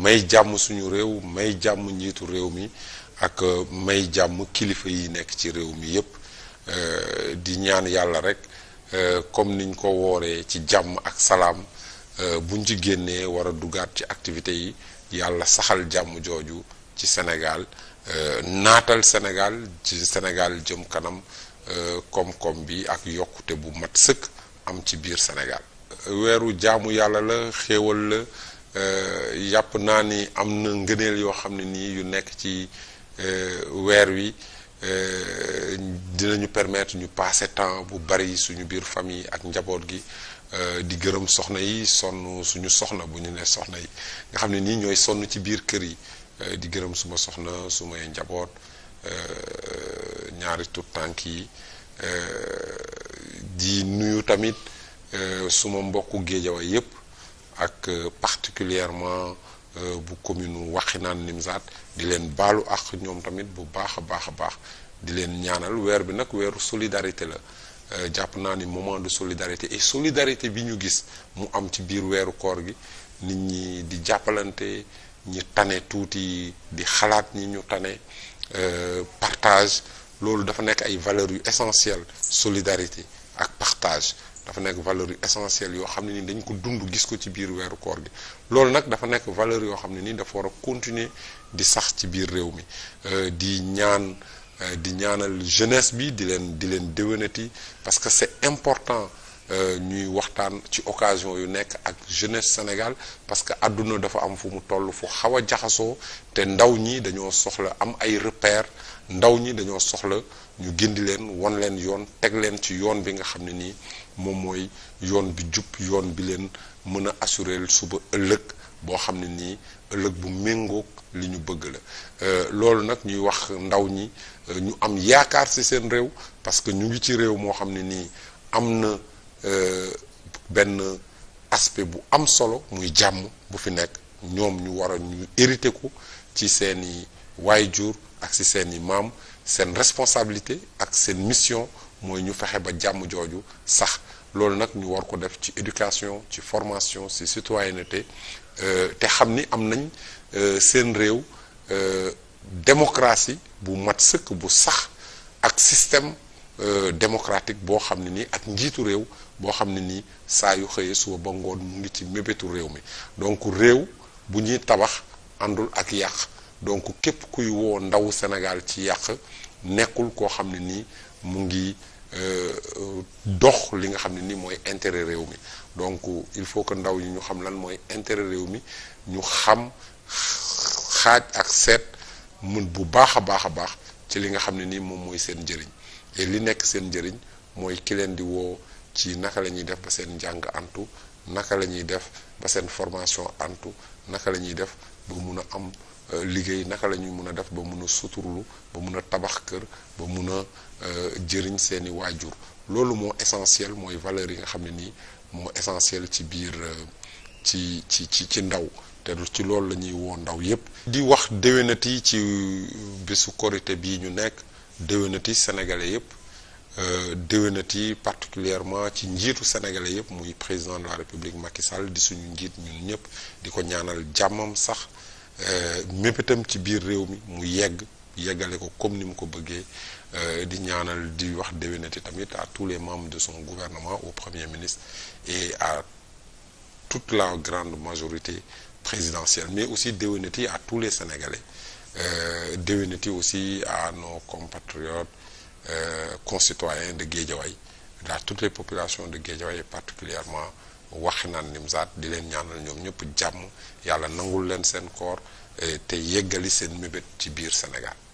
may jàmm suñu réew may jàmm njiitu réew mi ak euh, may jàmm kilifa yi nekk ci réew mi yépp euh, di ñaan yàlla rek euh, comme niñ ko wooree ci jàmm ak salaam buñ ci génnee war a dugaat ci activités yi yàlla saxal jàmm jooju ci Sénégal naatal Sénégal ci Sénégal jëm kanam koom-koom bi ak yokkute bu mat sëkk am ci biir Sénégal weeru jaamu yàlla la xéewal la Euh, yàpp naa ni am na ngëneel yoo xam ne nii yu nekk ci euh, weer wi euh, dinañu permettre ñu passer temps bu bari suñu biir famille ak njaboot gi di gërëm soxna yi sonn suñu soxna bu ñu ne soxna yi nga xam ne nii ñooy sonn ci biir kër yi di gërëm suma soxna sumay njaboot ñaari tur tànk yi di nuyu tamit suma mbokku géejawa yépp ak euh, particulièrement euh, bu commune Waxinaan Nimzaat di leen baalu ak ñoom tamit bu baax a baax a baax di leen ñaanal weer bi nag weeru solidarité la euh, jàpp naa ni moment de solidarité et solidarité bi ñu gis mu am ci biir weeru koor gi nit ñi di jàppalante ñi tane tuuti di xalaat ñi ñu tane partage loolu dafa nekk ay valeurs yu essentielles solidarité ak partage dafa nekk valeur yu essentielle yoo xam ne ni dañ ko dund gis ko ci biir weeru koor gi loolu nag dafa nekk valeur yoo xam ne ni dafa war a continuer di sax ci biir réew mi euh, di ñaan euh, di ñaanal jeunesse bi di leen di leen déwénati parce que c'est important Euh, ñuy waxtaan ci occasion yu nekk ak jeunesse Sénégal parce que àdduna dafa am fu mu toll fu xaw a jaxasoo te ndaw ñi dañoo soxla am ay repères ndaw ñi dañoo soxla ñu gindi leen won leen yoon teg leen ci yoon bi nga xam ne nii moom mooy yoon bi jub yoon bi leen mën a assurer suba ëllëg boo xam ne nii ëllëg bu méngoog li ñu bëgg la euh, loolu nag ñuy wax ndaw ñi euh, ñu am yaakaar si seen réew parce que ñu ngi ci réew moo xam ne nii am na Euh, benn aspect bu am solo muy jàmm bu fi nekk ñoom ñu war a ñu hérité ko ci seeni jur ak ci seeni maam seen responsabilité ak seen mission mooy ñu fexe ba jàmm jooju sax loolu nag ñu war ko def ci éducation ci formation ci citoyenneté euh, te xam ni am nañ euh, seen réew démocratie bu mat sëkk bu sax ak système Euh, democratique boo xam ne nii ak njiitu réew boo xam ne nii saa yu xëyee suba ba ngoon mu ngi ci mébétu réew mi donc réew bu ñuy tabax àndul ak yàq donc képp kuy woo ndaw Sénégal ci yàq nekkul koo xam ne nii mu ngi euh, dox li nga xam ne nii mooy intere réew mi donc il faut que ndaw yi ñu xam lan mooy intérêt réew mi ñu xam xaaj ak seet mun bu baax a baax a baax ci li nga xam ne nii moom mooy seen njëriñ li nekk seen njëriñ mooy ki leen di woo ci naka la ñuy def ba seen njàng antu naka la ñuy def ba seen formation antu naka la ñuy def ba mun a am euh, liggéey naka la ñuy mun a def ba mun a suturlu ba mun a tabax kër ba mun a euh, jëriñ seeni waajur loolu moo essentiel mooy valeur yi nga xam ne nii moo essentiel ci biir euh, ci ci ci ci ndaw te ci loolu la ñuy woo ndaw yépp di wax déwénati ci bésu korité bii ñu nekk déwénati sénégalais yépp euh, déwénati particulièrement ci njiitu sénégalais yépp muy président de la république Macky Sall di suñu njiit ñun ñépp di ko ñaanal jàmmam sax euh, mépétam ci biir réew mi mu yegg yeggale ko comme ni mu ko bëggee euh, di ñaanal di wax déwénati tamit à tous les membres de son gouvernement au premier ministre et à toute la grande majorité présidentielle, mais aussi déwénati à tous les Sénégalais, euh, déwénati aussi à no compatriotes euh, concitoyens de Guédiawaye, à toutes les populations de Guédiawaye, particulièrement Wakhinane Nimzatt di leen ñaanal ñoom ñëpp jàmm yàlla nangul leen seen koor euh, te yeggali seen mébét ci biir Sénégal.